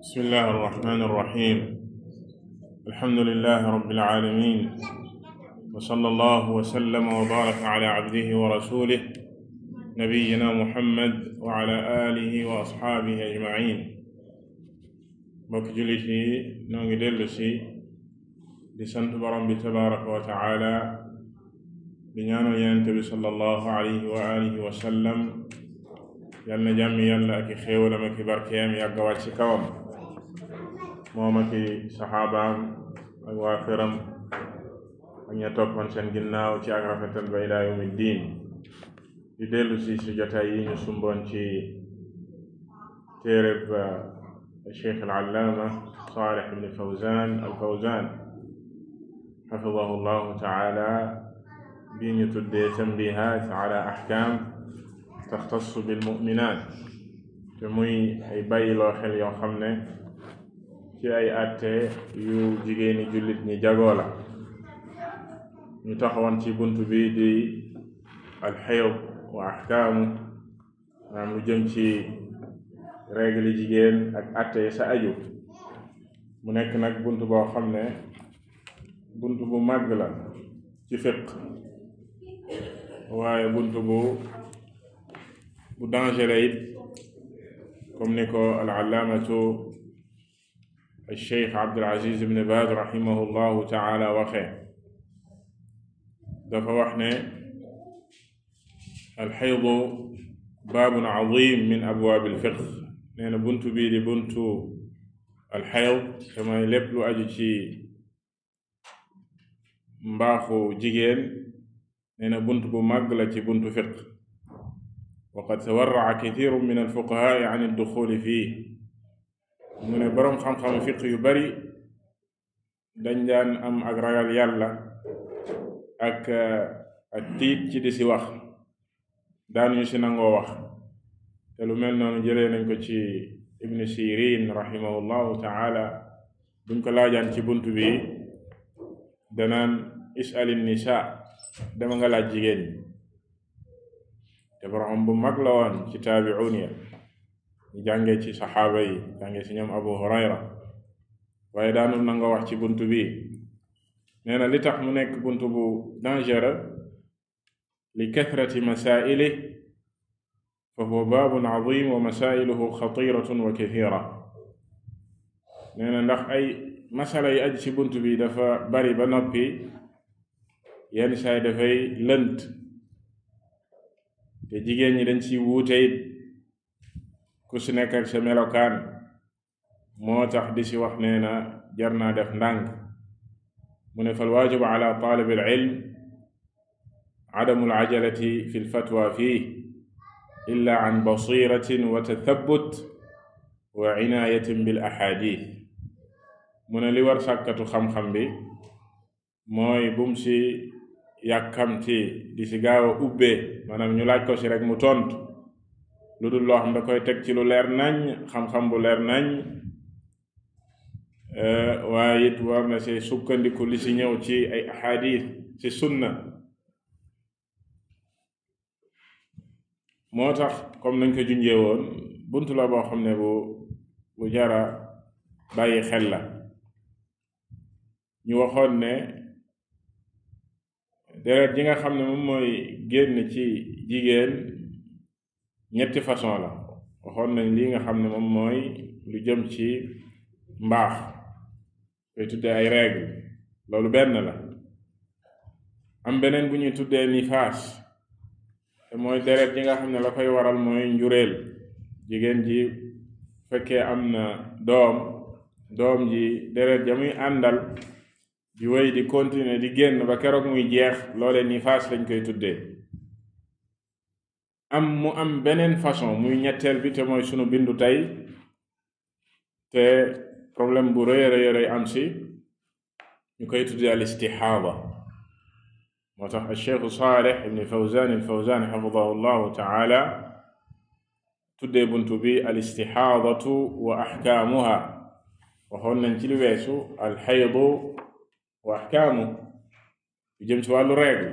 بسم الله الرحمن الرحيم الحمد لله رب العالمين وصلى الله وسلم وبارك على عبده ورسوله نبينا محمد وعلى آله وأصحابه أجمعين mbokk jullit yi noo ngi dellu si di sant borom bi tabaraka wa taala di ñaanal yonent bi sallallahu alayhi wa alihi wa sallam yal na jàmmi yàlla ak i xéewalam ak i barkeem yàgg wàcc kawam moom ak saxaabaam ak waa këram ak ña toppoon seen ginnaaw ci ak rafetal ba ilaa yawmi diin di dellu si si jotaay yi ñu sumboon ci uh, al-allaama Saalih ibn Fawzaan al-Fawzaan xafidahu llahu taala bi ñu tuddee tambihaat ala ahkaam taxtassu bil mu'minaat te muy ay bàyyiloo xel yoo xam ne ci ay àtte yu jigéeni jullit ñi jagoo la ñu taxawoon ci bunt bi di alxeyob wa axkaamu maanaam lu jëm ci règle jigéen ak àtte sa aju mu nekk nag bunt boo xam ne bunt bu mag la ci fiq waaye bunt bu bu danger la it comme ni ko alallaamatu alcheikh Abdul Aziz ibn Baaz rahimahullahu taala waxee dafa wax ne alxaydu baabun azim min abwaab alfiq nee na buntu bii di buntu alxayd te mooy lépp lu aju ci mbaaxu jigéen nee na bunt bu màgg la ci buntu fiq waqad tawarraa kathiru min alfuqahaai an alduxuli fii mu ne boroom xam-xamu fiq yu bari dañ daan am ak ragal yàlla ak uh, ak ci di si wax daan ñu si nangoo wax te lu mel noonu jëlee nañ ko ci ibnu sirin rahimahullahu taala buñ ko laajaan ci bunt bi danaan isal nisa dama nga laaj jigéen ñi te bu mag la woon ci taabi'un ya jànge ci saxaaba yi jànge ci ñoom Abu Hurayra waaye daanul nanga wax ci bunt bi nee na li tax mu nekk bunt bu dangereux li kathrati masaa'ili fa huwa baabun azim wa masaa'iluhu xatiratun wa kathira nee ndax ay masala aj ci bunt bi dafa bari ba noppi yenn saay dafay lënt te jigéen ñi dañ ci wuute ku si nekk ak sa melokaan moo tax di si wax nee na jar naa def ndànk mu ne fal waajibu ala taalib al ilm adamu alajalati fi lfatwa fii illa an basiratin wa tathabut wa inayatin bil ahadith mu ne li war sàkkatu xam bi mooy bum yàkkamti di si gaaw a ubbee ñu laaj ko ci rek mu tontu lu dul loo xam da koy teg ci lu leer nañ xam-xam bu leer nañ eh, waaye it war na si sukkandiku li ci ñëw ci ay ahadith ci sunna moo tax comme nañ ko junjee woon buntu la boo xam ne bu bu jara bàyyi xel la ñu waxoon ne deret ji nga xam ne moom mooy génn ci jigéen ñetti façon la waxoon nañ li nga xam ne moom mooy lu jëm ci mbaax koy tuddee ay règle loolu benn la am beneen bu ñuy tuddee nifaas te mooy deret ji nga xam ne la koy waral mooy njureel jigéen ji fekkee am na doom doom ji deret ja muy àndal di wéy di continuer di génn ba keroog mu jeex loole nifaas lañ koy tuddee am mu am beneen façon muy ñetteel bi te mooy sunu bindu tey te problème bu rëy rëy rëy am si ñu koy tuddee al istixaada moo tax al cheikhu saalih ibni fawzan al fawzan xafidahu llahu taala tuddee buntu bi al istixaadatu wa axkaamuha waxoon nañ ci lu weesu al wa axkaamu yu jëm ci wàllu règle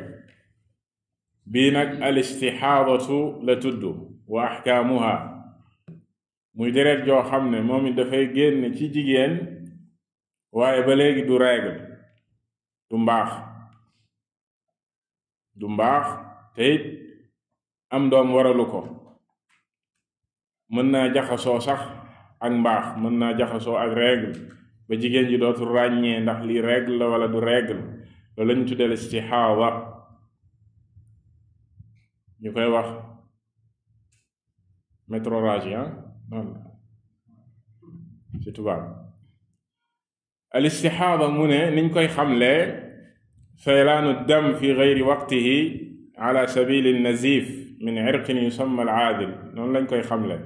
bii nag al istixaadatu la tudd wa axkaamuha muy deret joo xam ne moom it dafay génn ci jigéen waaye ba léegi du règle du mbaax du mbaax te am doom waralu ko mën naa jaxasoo sax ak mbaax mën naa jaxasoo ak règle ba jigéen ji dootul ràññee ndax li règle la wala du règle loolu lañu tuddee istixaada ñu koy wax métrorragie ah noonu ci tubaab al istixaada mu ne niñ koy xamlee feylaanu dam fi geyri waqtihi ala sabili nazif min irqin yusamma al aadil lañ koy xamle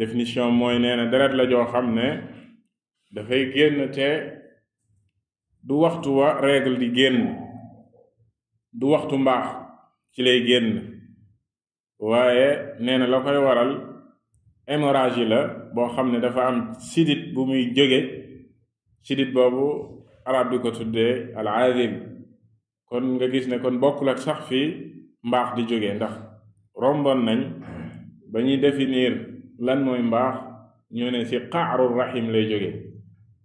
définition mooy nee na deret la joo xam ne dafay génn te du waxtu wa règle di génn du waxtu mbaax ci lay génn waaye neena la koy waral hémorragie la boo xam ne dafa am sidit bu muy jóge sidit boobu arab di ko tuddee al azim kon nga gis ne kon bokkul ak sax fi mbaax di jóge ndax rombon nañ ba ñuy définir lan mooy mbaax ñu ne ci qaaru rahim lay jóge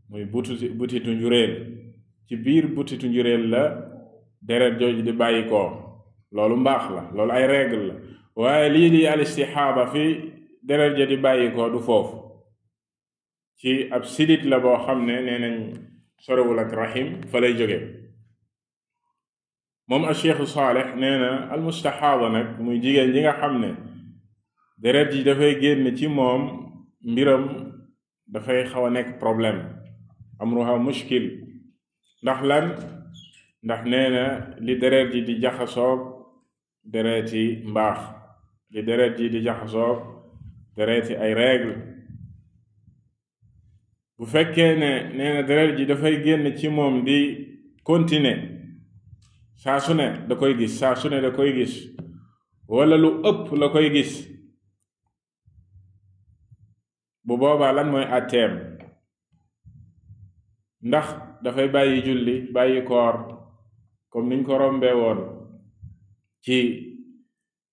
muy butu butitu njuréel ci biir butitu njuréel la deret jooju di bàyyikoo loolu mbaax la loolu ay règle la waaye lii di al istixaaba fi deret ja di bàyyi du foofu ci ab sidit la boo xam ne nee nañ sorewul ak rahim fa lay jóge moom al cheikhu saalex nee na nag muy jigéen ji nga xam ne deret ji dafay génn ci moom mbiram dafay xaw a nekk problème amruha mushkil ndax lan ndax nee na li deret ji di jaxasoog deret yi mbaax li deret ji di jaxasoog deret yi ay règle bu fekkee ne nee deret ji dafay génn ci moom di continuer saa su ne da koy gis saasu ne da koy gis wala lu ëpp la koy gis bu boobaa lan mooy atteem ndax dafay bàyyi julli bàyyi koor comme niñ ko rombee woon ci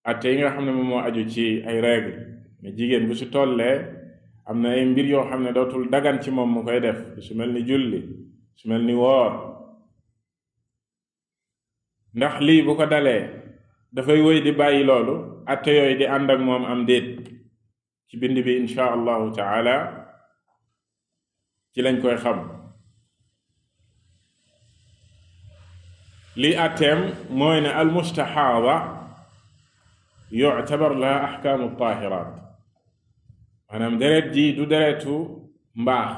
atte yi nga xam ne moom moo aju ci ay règle mais jigéen bu ci tollee am na ay mbir yoo xam ne dootul dagan ci moom mu koy def su mel ni julli su mel ni woor ndax lii bu ko dalee dafay wëy di bàyyi loolu atte yooyu di ànd moom am déet ci bind bi incha allahu taala ci lañ koy xam lii àtteem mooy ne almustaxaada yuctabar laha axkaamu taahiraat maanaam deret ji du deretu mbaax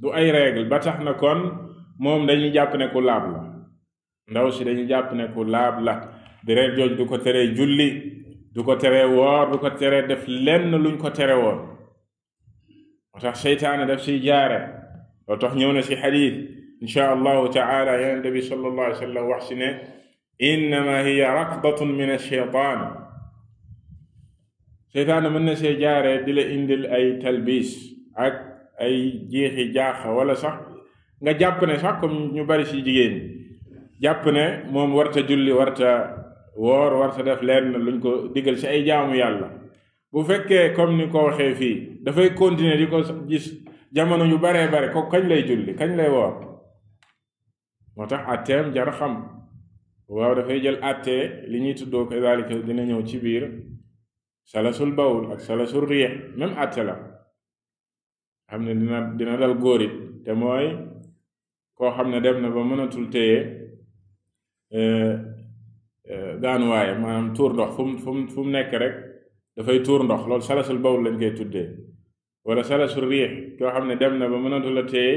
du ay règle ba tax na kon moom dañuy jàpp ne ku laab la ndaw si dañuy jàpp ne ku laab la deret jooj du ko teree julli du ko tere woor du ko teree def lenn luñ ko tere woon moo tax seytaane def siy jaare loo tax ñëw na si xadiis incha allahu taala yonente bi sallallahu alayhi wa sallam wax si ne innama hiya raqdatun min alcheytaan seytaane mën na see jaaree di la indil ay talbiis ak ay jeexi jaax wala sax nga jàpp ne sax ko ñu bari si jigéen jàpp ne moom warta julli warta woor warta def leen luñ ko digal ci ay jaamu yàlla bu fekkee comme ni ko waxee fii dafay continuer di ko gis jamono ñu baree bare ko kañ lay julli kañ lay woor moo tax atteem jar a xam waaw dafay jël attee li ñuy tuddoo kazalika dina ñëw ci biir salasul bawul ak salasul riix même atte la xam ne dina dina dal góor it te mooy koo xam ne dem na ba mënatul téye gaanuwaaye eh, eh, maanaam tuur ndox fu mu fu fu mu nekk rek dafay tuur ndox loolu salasul bawul lañ koy tuddee wala salasul riix koo xam ne dem na ba mënatul a téye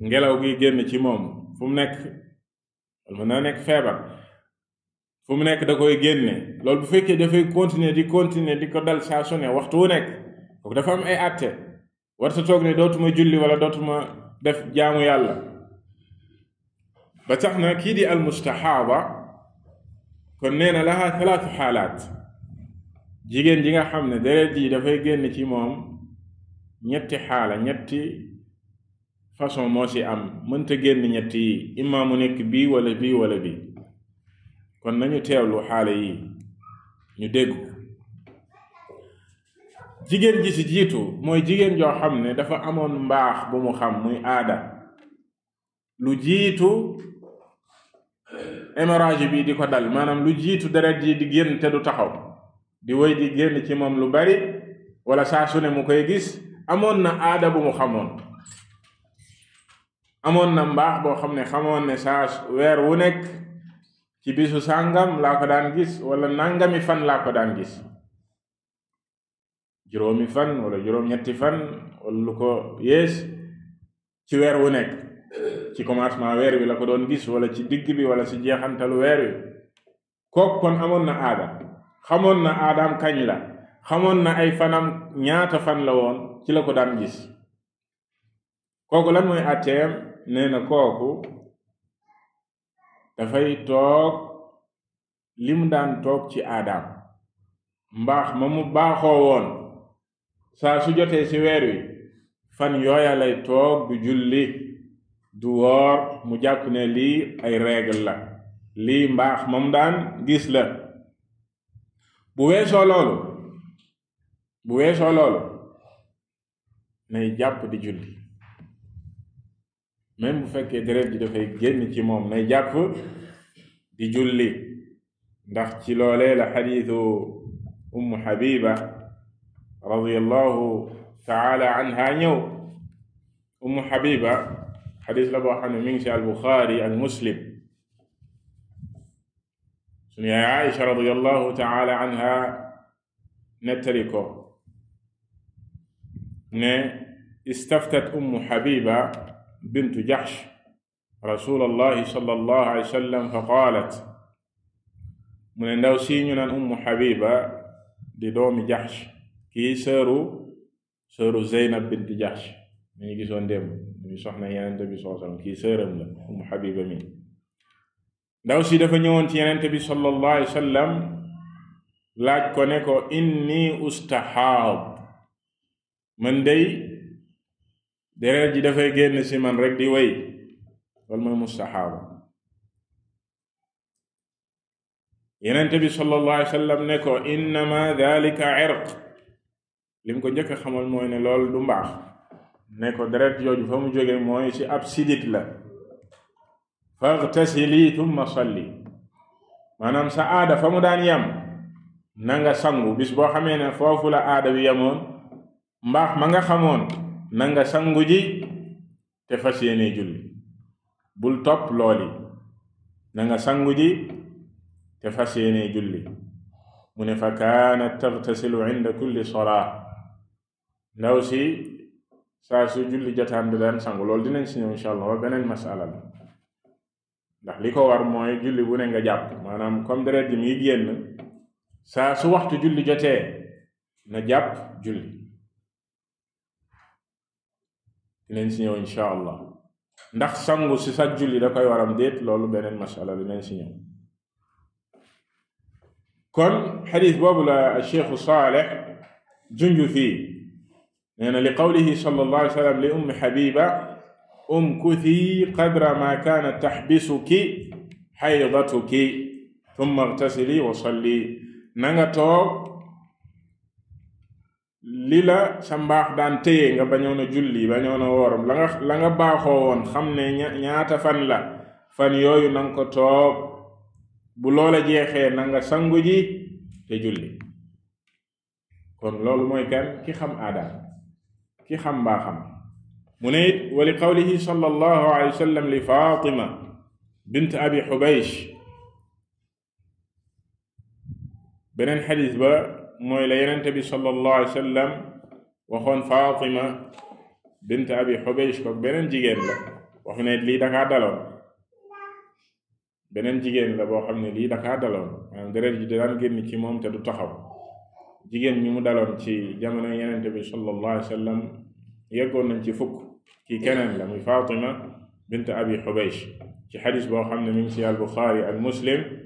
ngelaw gi génn ci moom fu mu nekk mën naa nekk feebar fu mu nekk da koy génne loolu bu fekkee dafay continuer di continuer di ko dal saa su ne waxtu wu nekk kooku dafa am ay àtte warta toog ne dootuma julli wala dootuma def jaamu yàlla ba tax na kii di al mustaxaaba kon nee na laha talaatu xaalaat jigéen ji nga xam ne deret ji dafay génn ci moom ñetti xaala ñetti façon moo ci am mënta génn ñett yi imma mu nekk bii wala bii wala bii kon nañu teewlu xaale yi ñu dégg jigéen ji ci jiitu mooy jigéen joo xam ne dafa amoon mbaax bu mu xam muy aada lu jiitu hémorragie bii di ko dal maanaam lu jiitu deret ji di génn te du taxaw di wéy di génn ci moom lu bari wala saa su ne mu koy gis amoon na aada bu mu xamoon amoon na mbaax boo xam ne xamoon ne saa weer wu nekk ci bisu sàngam laa ko daan gis wala nangami fan laa ko daan gis juróomi fan wala juróom-ñetti fan wala lu ko yées ci weer wu nekk ci commencement weer bi la ko doon gis wala ci digg bi wala ci jeexantalu weer wi kook kon amoon na aada xamoon na aadaam kañ la xamoon na ay fanam ñaata fan la woon ci la ko daan gis kooku lan mooy atteem nee na kooku dafay toog li mu daan toog ci aadaam mbaax ma mu baaxoo woon saa su jotee ci weer wi fan yooya lay toog du julli du woor mu jàpp ne lii ay règle la lii mbaax ma mu daan gis la bu weesoo loolu bu weesoo loolu nay jàpp di julli même bu fekkee deret ji dafay ci moom nay jàpp di julli ndax ci loolee la xadiisu ummu habiba radiyallahu taala anha ñëw habiba xadis la boo xam ne mi ngi ci albuxaari ak muslim suñu yaay aïcha taala anha nettali ko ne istaftat ummu habiba bintu jaxsh rasul allahi sallallahu alayhi wa mu ne ndaw si ñu naan ummu xabiba di doomi jaxsh kii sëru sëru zeynab bint jaxsh mi ngi gisoon démb mi soxna yenente bi sallallahu alayhi wa sallam kii sëram la ummu xabiba mi ndaw si dafa ñëwoon ci yenente bi sallallahu alayhi wa laaj ko ne ko inni ustaxaab man day deret ji dafay génn si man rek di way loolu mooy mustaxaaba yenent bi sallallahu alayhi wasallam ne ko innama lim ko njëkk xamoon mooy ne lool du mbaax ne ko deret jooju fa mu jóge mooy ci ab sidit la faghtasili thumma salli maanaam sa aada fa mu daan yam na nga sangu bis boo xamee ne foofu la aada bi yamoon mbaax ma nga xamoon na nga sangu ji te fas yéene julli bul topp looli na nga sangu ji te fas yéene julli mu ne fa kaanat tartasilu inda kulli sola ndaw si saa su julli jotaan bi daan sangu loolu dinañ si ñëw incha allah wa beneen masala la ndax li ko war mooy julli bu ne nga jàpp maanaam comme deret ji mi génn saa su waxtu julli jotee na jàpp julli dinañ si ñëw incha allah ndax sangu si sa julli da koy waram déet loolu beneen masala dinañ si ñëw kon xadis boobu la cheikhu saalex junju fii nee na li qawlihi sallallahu alayhi wa sallam li ummi xabiba umkuthi qadra ma kaanat taxbisuki xaydatuki tumma igtasili wa salli na nga toog li la sa mbaax daan téye nga bañoon a julli bañoon a la nga la nga baaxoo woon xam ne ñaata fan la fan yooyu na ko toog bu loola jeexee na nga ji te julli kon loolu mooy kan ki xam aadaam ki xam mbaaxam mu ne it wa li qawlihi sallallahu alayhi wa sallam li fatima bint abi xubaysh beneen xadis ba mooy la yenente bi sallallahu alayhi wa sallam waxoon Fatima bint abi Xubays ko beneen jigéen la wax ne lii dakaa daloon beneen jigéen la boo xam ne lii dakaa daloon maanaam deret ji daan ci moom te du taxaw jigéen ñi mu daloon ci jamono yenente bi sallallahu alayhi wa sallam yeggoon nañ ci fukk ki keneen la muy Fatima bint abi Xubays ci xadis boo xam ne mi ngi ci al Buxaari ak Muslim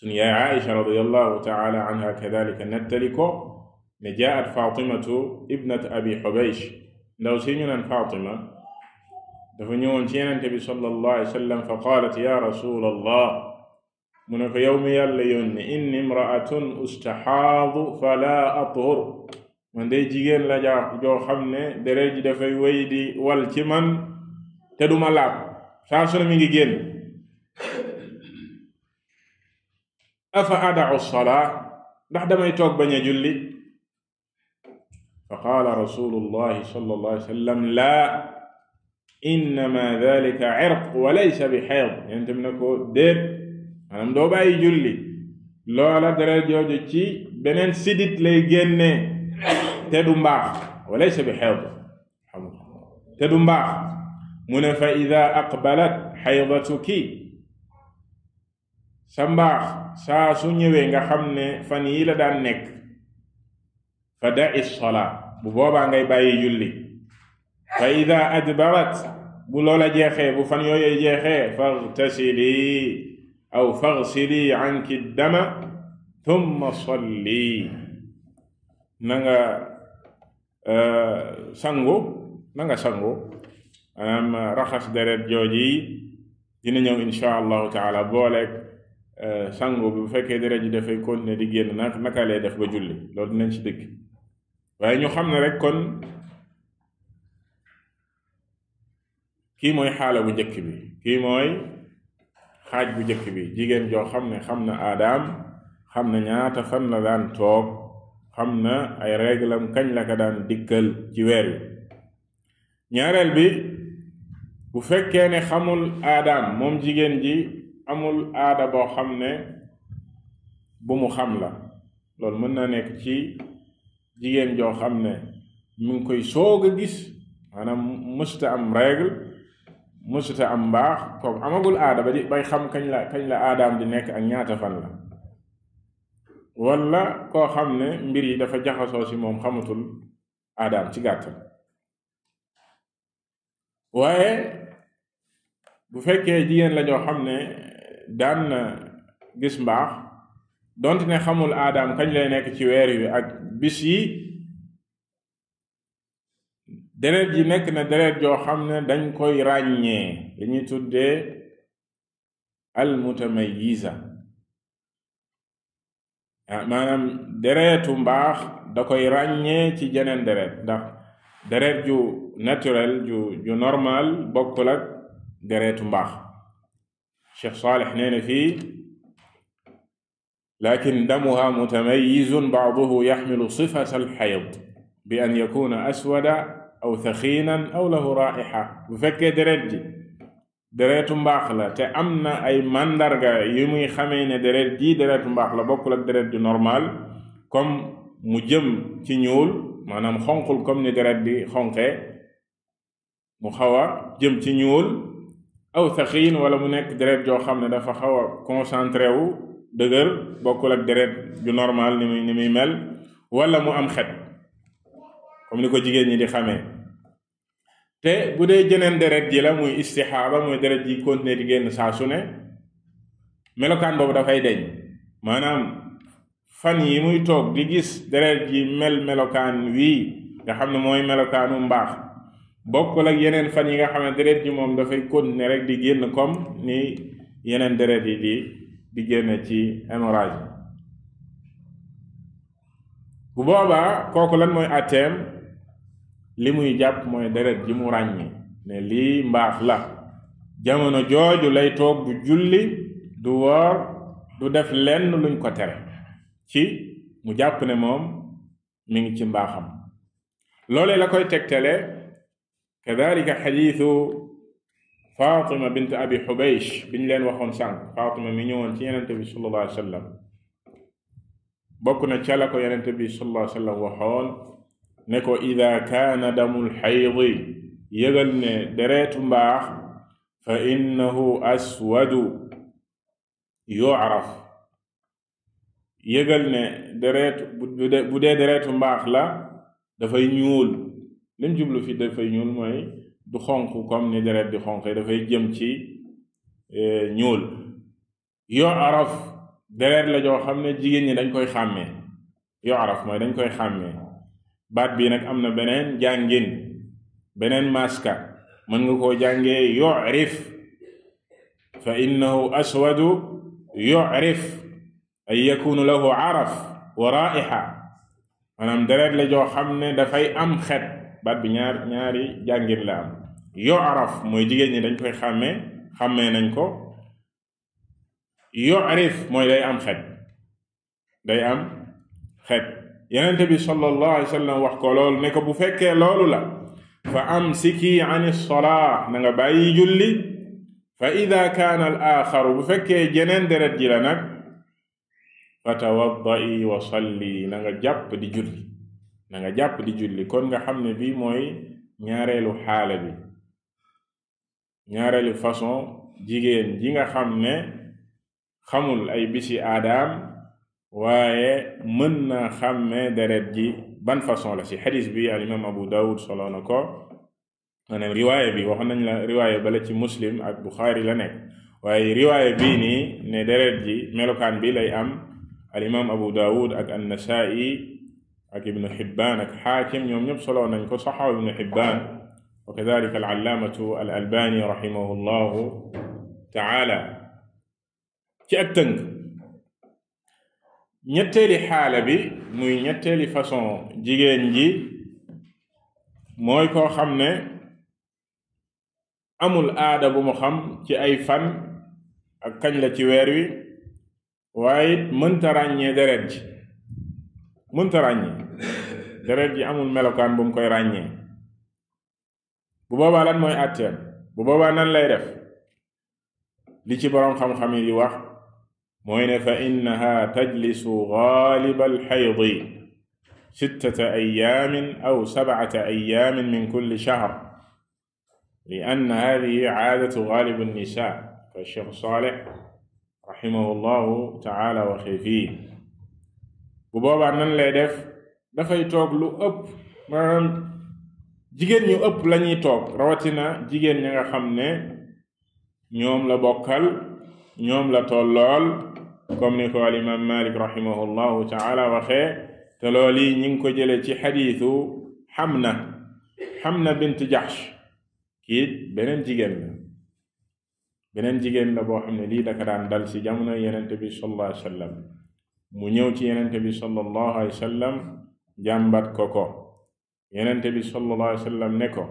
sunu yaay Aisha radiyallahu ta'ala anha kadalika nettali ko ne jaat Fatimatu ibnat Abi Hubaysh ndaw si ñu naan Fatima dafa ñëwoon ci Yonent bi sallallahu alayhi wa sallam fa qaalat ya rasulallah mu ne ko yow mi yàlla yónni inni imraatun ustaxaadu fala athur man day jigéen la jaa joo xam ne deret ji dafay wéy di wal ci man te duma laab saa su ne mi ngi génn afa adau lsolaa ndax damay toog bañ a julli fa qaala rasulu llahi sallallahu alayhi wa sallam laa innama dalika irq wa laysa bi xeyd yente mi ne ko déet maanaam doo bàyyi julli loola deret jooju ci beneen sidit lay génnee te du mbaax wa laysa bi xeyd te du mbaax mu ne fa ida aqbalat xaydatuki sa mbaax saa su ñëwee nga xam ne fan yii la daan nekk fa da'i salaa bu boobaa ngay bàyyi julli fa ida adbarat bu loola jeexee bu fan yooyee jeexee fartasili aw fagsili anki dama thumma salli na nga euh, sangu na nga sangu maanaam raxas deret jooji dina ñëw insha allahu taala booleeg Euh, sangu bi bu fekkee deret ji dafay continuer di génn naka naka def ba julli loolu dinañ ci dëkk waaye ñu xam ne rek kon kii mooy xaala bu njëkk bi kii mooy xaaj bu njëkk bi jigéen joo xam ne xam na aadaam xam na ñaata fan la daan toog xam na ay réglam kañ la ka daan dikkal ci weer wi ñaareel bi bu fekkee ne xamul aadaam moom jigéen ji amul aada boo xam ne bu mu xam la loolu mën na nekk ci jigéen joo xam ne mu ngi koy soog a gis maanaam mësuta am règle mësuta am mbaax comme amagul aada ba di bay xam kañ la kañ la aadaam di nekk ak ñaata fan la wala koo xam ne mbir yi dafa jaxasoo si moom xamatul aadaam ci gàttal waaye bu fekkee jigéen la joo xam ne daan na gis mbaax donte ne xamul aadaam kañ lay nekk ci weer wi ak bis yi deret ji nekk na deret joo xam ne dañ koy ràññee dañuy tuddee al mutamayiza ah, maanaam deretu mbaax da koy ràññee ci jeneen deret ndax deret ju naturel ju ju normal bokkul ak deretu mbaax Cheikh Saalix nee na fii lakin damuha mutamayizun baaduhu yaxmilu sifata alxayd bi an yakuna aswada aw thaxiinan aw lahu raixa bu fekkee deret ji deretu mbaax la te am na ay màndarga yu muy xamee ne deret ji deretu mbaax la bokkul ak deret ju normal comme mu jëm ci ñuul maanaam xonqul comme ni deret bi xonqee mu xaw a jëm ci ñuul aw saxiin wala mu nekk deret joo xam ne dafa xaw a concentré wu dëgër bokkul ak deret ju normal ni muy ni muy mel wala mu am xet comme ni ko jigéen ñi di xamee te bu dee jeneen deret ji la muy istixaaba muy deret ji continuer di génn saa su ne melokaan boobu dafay deñ maanaam fan yi muy toog di gis deret ji mel melokaan wii nga xam ne mooy melokaanu mbaax bokkul ak yeneen fan yi nga xam ne deret ji moom dafay continuer rek di génn comme ni yeneen deret yi di di génn ci hémorragie bu boobaa kooku lan mooy atteem li muy jàpp mooy deret ji mu ràññi ne lii mbaax la jamono jooju lay toog bu julli du woor du def lenn luñ ko tere ci mu jàpp ne moom mi ngi ci mbaaxam loolee la koy tegtale kadalika xadiisu Fatima bint Abi Xubaysh biñ leen waxoon sànq Fatima mi ñëwoon ci Yonent bi sallallahu alayhi wa sallam bokk na ca la ko Yonent bi sallallahu alayhi wa sallam waxoon ne ko ida kaana damul xaydi yëgal ne dereetu mbaax fa innahu aswadu yu'raf yëgal ne dereetu bu dee dereetu mbaax la dafay ñuul liñ jublu fi dafay ñuul mooy du xonq comme ni deret di xonq dafay jëm ci eh, ñuul yo araf deret la joo xam ne jigéen ñi dañ koy xàmmee yoo araf mooy dañ koy xàmmee baat bii nag am na beneen jàngin beneen maska mën nga koo jàngee yurif fa innahu aswadu yurif ay yakunu lahu araf wa raiha maanaam deret la joo xam ne dafay am xet baat bi ñaar ñaari jàngin la am yoo araf mooy jigéen ñi dañ koy xàmmee xàmmee nañ ko yo arif mooy day am xet day am xet yenente bi sallallahu alayhi wa wax ko lool ne ko bu fekkee loolu la fa amsiki an solaa na nga bàyyi julli fa ida kaana al axaru bu fekkee jeneen deret ji la nag fa tawaddai wa salli na nga jàpp di julli danga nga jàpp di julli kon nga xam ne bii mooy ñaareelu xaala bi ñaareelu façon jigéen ji nga xam ne xamul ay bisi aadaam waaye mën na xam xàmme deret ji ban façon la ci xadis bi al imam abu dawud solo na ko maanaam riwaayé bi waxoon nañ la riwaayé bala ci muslim ak buxaari la nekk waaye riwaayé bii nii ne deret ji melokaan bi lay am al imam abu dawud ak annasaa'i ak ibnu xibbaan ak xaakim ñoom ñëpp soloo nañ ko saxaw ibnu xibbaan wa kadalika alallaamatu al albani raximahu llahu taala ci ak tënk ñetteeli xaala bi muy ñetteeli façon jigéen ji mooy koo xam ne amul aada bu mu xam ci ay fan ak kañ la ci weer wi waaye it mënta ràññee deret ji mënta ràññee deret ji amul melokaan bu mu koy ràññee bu boobaa lan mooy àtteem bu boobaa nan lay def li ci boroom xam-xam yi di wax mooy ne fa innaha tajlisu gaaliba alxaydi sittata ayaamin aw sabcata ayaamin min kulli shahr li anna hadihi caadatu gaalibi nnisaa fa cheikh Saalix raximahu llahu taala wa xeefihi bu boobaa nan lay def dafay toog lu ëpp jigéen ñu ëpp lañuy toog rawatina jigéen ña nga xam ne ñoom la bokkal ñoom la tollool comme ni ko al imam malik rahimahullahu taala waxee te lool yi ñi ngi ko jële ci xadiisu xamna xamna bint jaxsh kii beneen jigéen la beneen jigéen la boo xam ne lii daka daan dal ci jamono yenente bi sallallahu alayhi mu ñëw ci yenente bi sallallahu alayhi wa sallam jàmbat ko ko yenente bi sallallahu wa sallam ne ko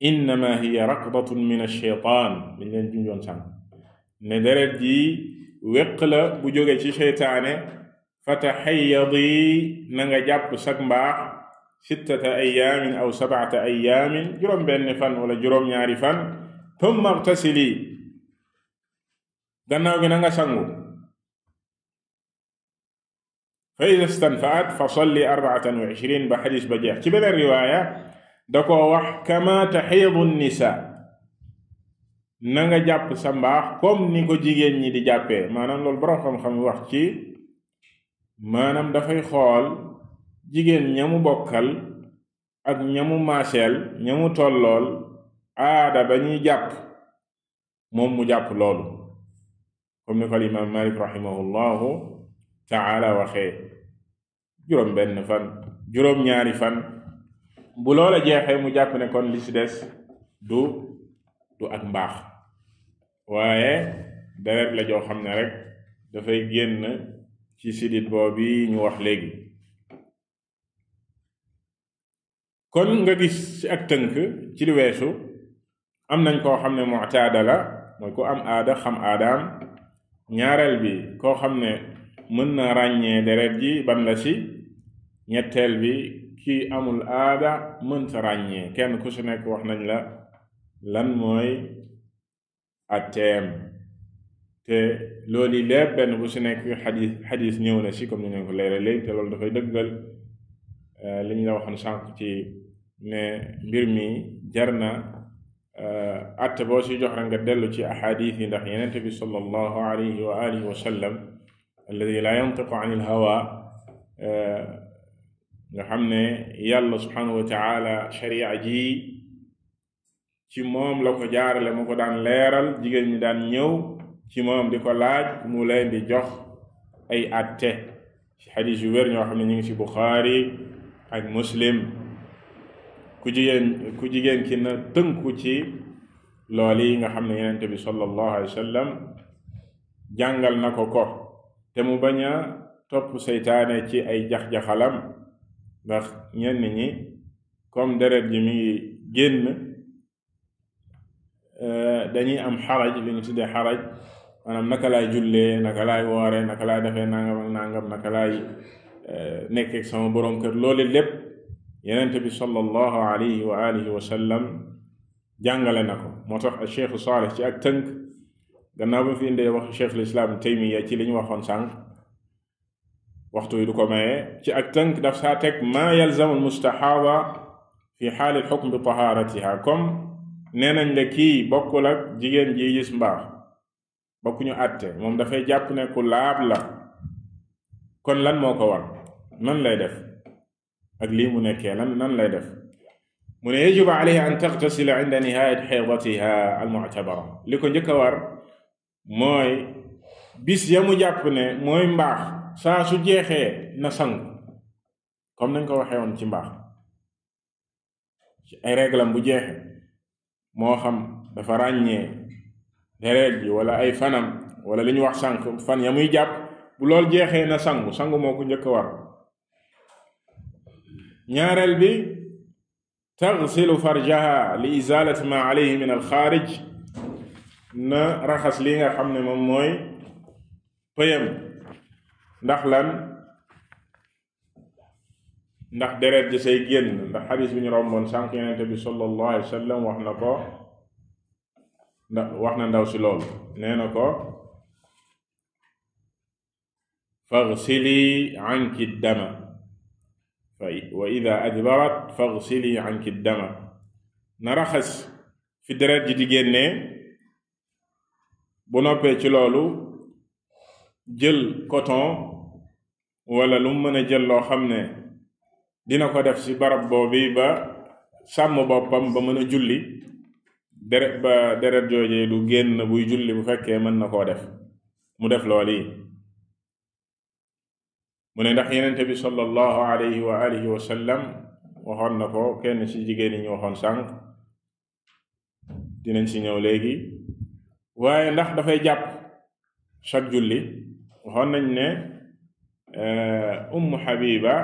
innama hiya raqdatun min ash-shaytaan liñ leen junjoon sànq ne deret ji wéq la bu jóge ci seytaane fataxayadi na nga jàpp sag mbaax sittata ayaamin aw sabata ayaamin juróom benn fan wala juróom ñaari fan tumma ightasili gannaaw gi na nga sangu fa ida stanfaat fa salli ba xadis ba jeex ci beneen riwaaya da ko wax kama taxiidu nisa na nga jàpp sa mbaax kom ni ko jigéen ñi di jàppee maanaam loolu borom xam-xam wax ci maanaam dafay xool jigéen ñamu bokkal ak ñamu maaseel ñamu tollool aada ba ñuy jàpp moom mu jàpp loolu kom ni ko imaam Maalik rahimahullahu taala waxee juróom benn fan juróom ñaari fan bu loola jeexee mu jàpp ne kon li ci des du du ak mbaax waaye deret la joo xam ne rek dafay génn ci sidit boobu ñu wax léegi kon nga gis ci ak tënk ci li weesu am nañ koo xam ne mu'taada la mooy ku am aada xam aadaam ñaareel bi koo xam ne mën na ràññee deret ji ban la ci ñetteel bi kii amul aada mën mënta ràññee kenn ku ci nekk wax nañ la lan mooy atteem te loolu lépp benn bu ci nekk xadis xadis ñëw na ci comme ni ñu ko leeral léegi te loolu dafay dëggal euh, li ñu la waxoon sànq ci ne mbir mi jar na euh, atte boo si jox rek nga dellu ci ahadis yi ndax yenente bi sallallahu alayhi wa alihi alladi la yantiqu an il nga xam ne yàlla subhanahu wa taala sharia ji ci moom la ko jaarale mu ko daan leeral jigéen ñi daan ñëw ci moom di ko laaj mu leen di jox ay atte ci xadis yu wér ñoo xam ne ñu ngi ci buxaari ak muslim ku jigéen ku jigéen ki na tënku ci loolu yi nga xam ne yonent bi sallallahu alayhi wa sallam jàngal na ko ko te mu bañ a topp seytaane ci ay jax-jaxalam ndax ñenn ñi comme deret ji mi ngi génn euh, dañuy am xaraj li ñu tuddee xaraj maanaam naka laay jullee naka lay woore naka laay defee nangam ak nangam naka laay euh, nekkeek sama boroom kër loolu lépp yenent bi sallallahu alayhi wa alihi wa sallam jàngale na ko moo tax cheikhu saalih ci ak tënk gannaaw ba fi indee wax cheikhul islam taymiya ci li ñu waxoon sànq waxtu wi du ko maye ci ak tënk daf saa teg maa yalzamu almustahaada fi xaali alxukm bi taharatiha comme nee nañ la kii bokkul ak jigéen ji gis mbaax bokkuñu àtte moom dafay jàpp ne ku laab la kon lan moo ko war nan lay def ak lii mu nekkee lan nan lay def mu ne yajibu alayha an taxtasila inda nihayati xaydatiha almuctabara li ko njëkk war mooy bis ya jàpp ne mooy mbaax saa su jeexee na sangu comme nañ ko waxee woon ci mbaax ci ay bu jeexee moo xam dafa ràññee deret ji ay fanam wala li wax sànq fan ya muy jàpp bu lool jeexee na sangu sangu moo ko njëkk a war ñaareel bi taxsilu farjaha li izalati ma alayhi min alxaarij na raxas li nga xam ne moom mooy pëyam ndax lan ndax deret ji say génn ndax xadis bi ñu romboon sànq yonente bi sallallahu alayhi wa sallam wax na ko ndax wax na ndaw si nee na ko fagsili anki dama wa ida adbarat fagsili anki dama na raxas fi deret ji di génnee bu noppee ci loolu jël coton wala lu mu mën a jël loo xam ne dina ko def ci barab bi ba sàmm boppam ba mën a julli deret ba deret joojee du génn buy julli bu fekkee mën na koo def mu def loolu yi mu ne ndax yenente bi sallallahu alayhi wa alihi wa waxoon na ko kenn ci jigéen ñi ñu waxoon sànq dinañ ci ñëw léegi waaye ndax dafay jàpp chaque julli waxoon nañ ne euh, ummu Habiba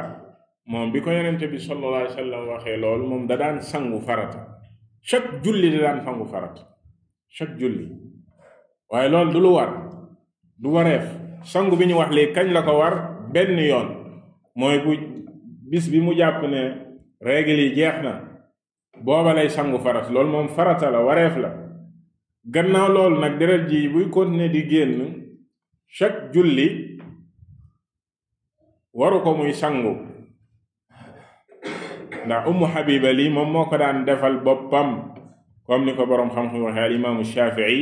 moom bi ko yonente bi sallallahu alayhi wa waxee loolu moom da daan sangu farata chaque julli da daan sangu farat chaque julli waaye loolu du lu war du wareef sangu bi ñu wax léegi kañ la ko war benn yoon mooy bu bis bi mu jàpp ne règle yi jeex na booba lay sangu farata loolu moom farata la wareef la gannaaw loolu nag deret ji buy continuer di génn chaque julli waru ko muy sangu ndax ummu habiba lii moom moo ko daan defal boppam comme ni ko boroom xam-xam waxe al shafii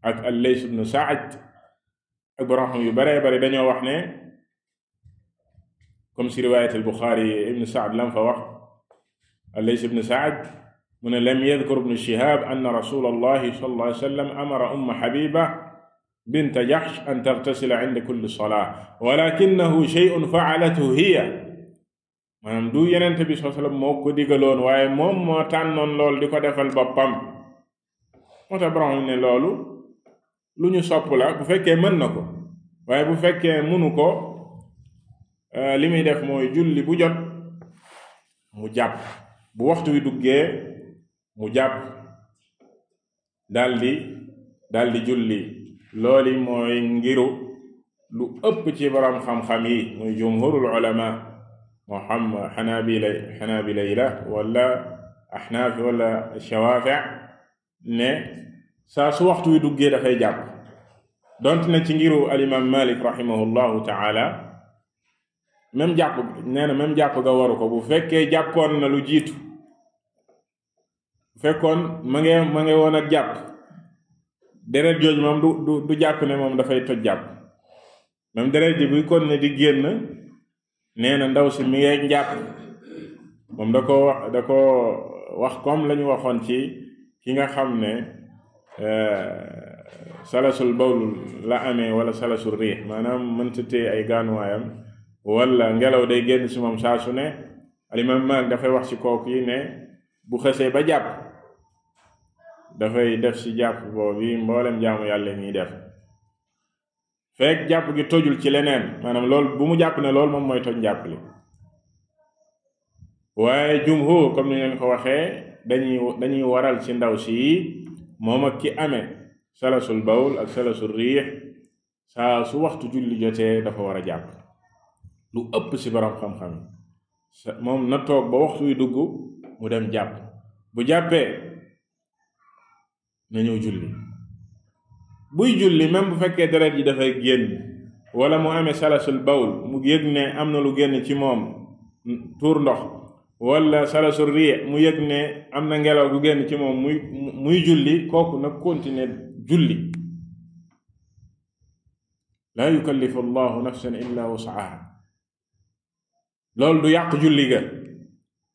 ak al lays ibnu ak boroom xam yu baree bari dañoo wax ne comme si riwayat al buxaari ibnu saad fa wax al lays ibnu mu ne lam yadkur ibnu shihab anna rasulallahi sallallahu alayhi wa sallam amara umma habiba bint jahsh an tartasila inda kulli salaa walakinahu shay'un fa'alathu hiya maanaam du yenente bi sallallahu alayhi wa sallam moo ko digaloon waaye moom moo tànnoon lool di ko defal boppam moo tax borom ne loolu lu ñu sopp la bu fekkee mën na ko waaye bu fekkee mënu ko euh, li muy def mooy julli bu jot mu jàpp bu waxtu wi duggee mu jàpp daldi daldi julli looli mooy ngiru lu ëpp ci borom xam-xam yi muy jumhurul ulama moo xam xanaabila xanaabila yi la wala axnaaf wala ne saa su waxtu wi duggee dafay jàpp donte na ci ngiru alimam malik rahimahullahu taala même jàpp nee na même jàpp ga waru ko bu fekkee jàppoon na lu jiitu fekkoon ma nge ma nge woon ak jàpp deret jooju moom du du jàpp ne moom dafay toj jàpp moom deret ji buy kon ne di génn nee na ndaw si mi ngeeg jàpp moom da ko wax da ko wax comme la ñu waxoon ci ki nga xam ne euh, salasul bawlu la amee wala salasul riix maanaam mënta téye ay gaanuwaayam wala ngelaw day génn si moom saa su ne alimam maag dafay wax ci kooku yi ne bu xësee ba jàpp dafay def ci jàpp boobu mboolem jaamu yàlla ñuy def fekk jàpp gi tojul ci leneen maanaam lool bu mu jàpp ne loolu moom mooy toj jàpp li waaye jumhur comme ni ngeen ko waxee dañuy dañuy waral ci ndaw si moom ak ki amee salasul bawl ak salasul riix saa su waxtu julli jotee dafa war a jàpp lu ëpp ci borom xam-xam moom na toog ba waxtu dugg mu dem jàpp bu jàppee na ñëw julli buy julli même bu fekkee deret yi dafay génn wala mu amee salasul bawl mu yëg ne am na lu génn ci moom tuur ndox wala salasul rie mu yëg ne am na ngelaw gu génn ci moom muy muy julli kooku nag continuer julli laa yukallifu allahu nafsan illa wusaha loolu du yàq julli ga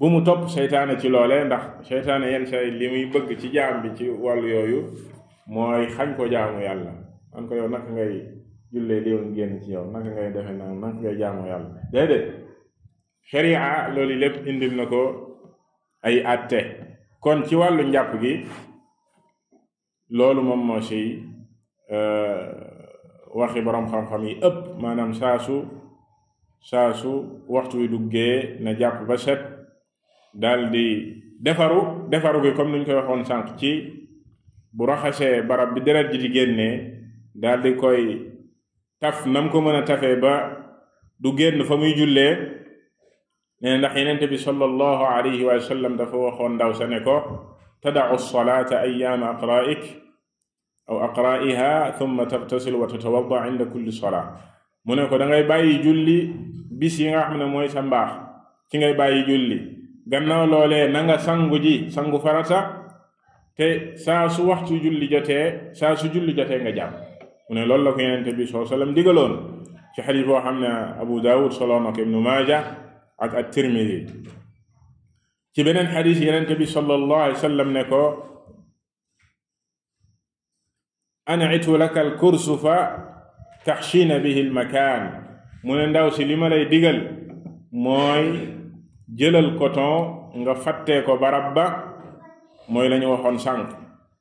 bu mu topp seytaane ci loolee ndax seytaane yenn say li muy bëgg ci jaam bi ci wàllu yooyu mooy xañ ko jaamu yàlla an ko yow naka ngay jullee déwén génn ci yow naka ngay defe naa naka ngay jaamu yàlla déedéet sharia loolu lépp indil na ko ay atte kon ci wàllu njàpp gi loolu moom moo si euh, waxi boroom xam-xam yi ëpp maanaam saasu saasu waxtu wi duggee na jàpp ba set daal di defaru defaru gi comme nuñ koy waxoon sànq ci bu raxasee barab bi deret ji di génnee daal di koy taf nam ko mën a tafee ba du génn fa muy jullee nee ndax yenente bi sallallahu alayhi wa dafa waxoon ndaw sa ne ko tadacu lsolata ayaama aqraik aw aqraiha thumma tagtasil wa tatawada inda kulli sola mu ne ko da ngay julli bis yi nga xam ne mooy sa mbaax ci ngay bàyyi julli gannaaw loolee na nga sangu ji sangu farata te saa su waxtu julli jotee saa su julli jote nga jàpp mu ne loolu la ko yenente bi soo sallam digaloon maaja ak at tirmidi ci beneen xadis yenente bi sallallahu alayhi ne ko anitu laka al kursufa taxshina bihi al makaan mu ne ndaw si li ma digal mooy jëlal coton nga fattee ko barab ba mooy la ñu waxoon sànq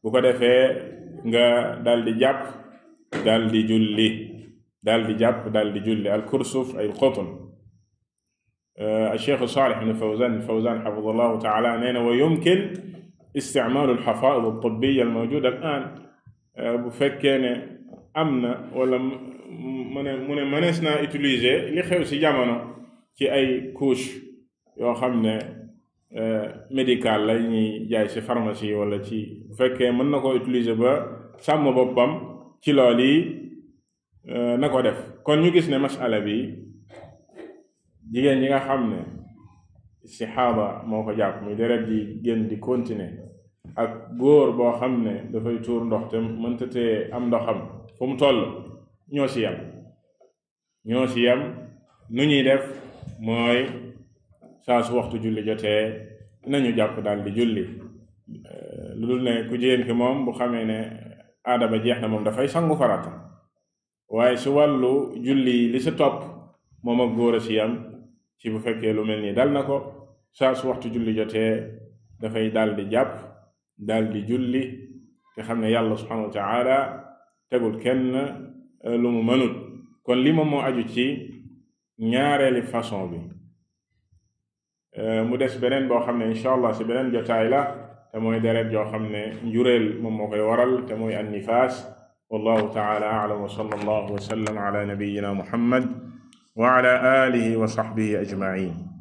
bu ko defee nga dal di jàpp dal di julli dal di jàpp dal di julli al kursuf ay qutn euh, cheikh salih ibn fawzan fawzan na wa yumkin isticmaalu alxafaaid altibbiya bu fekkee ne am na wala mu ne mu ne mënees naa li xew si jamono ci ay couche yoo xam ne euh, médical la ñuy jaay ci pharmacie wala ci bu fekkee mën na koo utiliser ba sàmm boppam ci lool yi euh, na ko def kon ñu gis ne masala bi jigéen ñi nga xam ne si sixaaba moo ko jàpp muy deret ji génn di continuer ak góor boo xam ne dafay tuur ndox te mënta tee am ndoxam fu mu toll ñoo ci yam ñoo ci yam nu ñuy def mooy saa su waxtu julli jotee nañu jàpp daal di julli eh, lu dul ne ku jigéen ki moom bu xamee ne aada jeex na moom dafay sangu farata waaye su wàllu julli li si topp moom ak góor a si yam ci bu fekkee lu mel nii dal na ko saa su waxtu julli jotee dafay daal di jàpp daal di julli te xam ne yàlla subhanahu wa tegul kenn eh, lu mu mënut kon li moom moo aju ci ñaareeli façon bi Euh, mu des beneen boo xam ne incha allah si beneen jotaay la te mooy deret joo xam ne njureel moom moo koy waral te mooy annifaas wallahu taala aalam wa sala allahu wa sallam ala nabiyina muhammad wa ala alihi wa sahbihi ajmain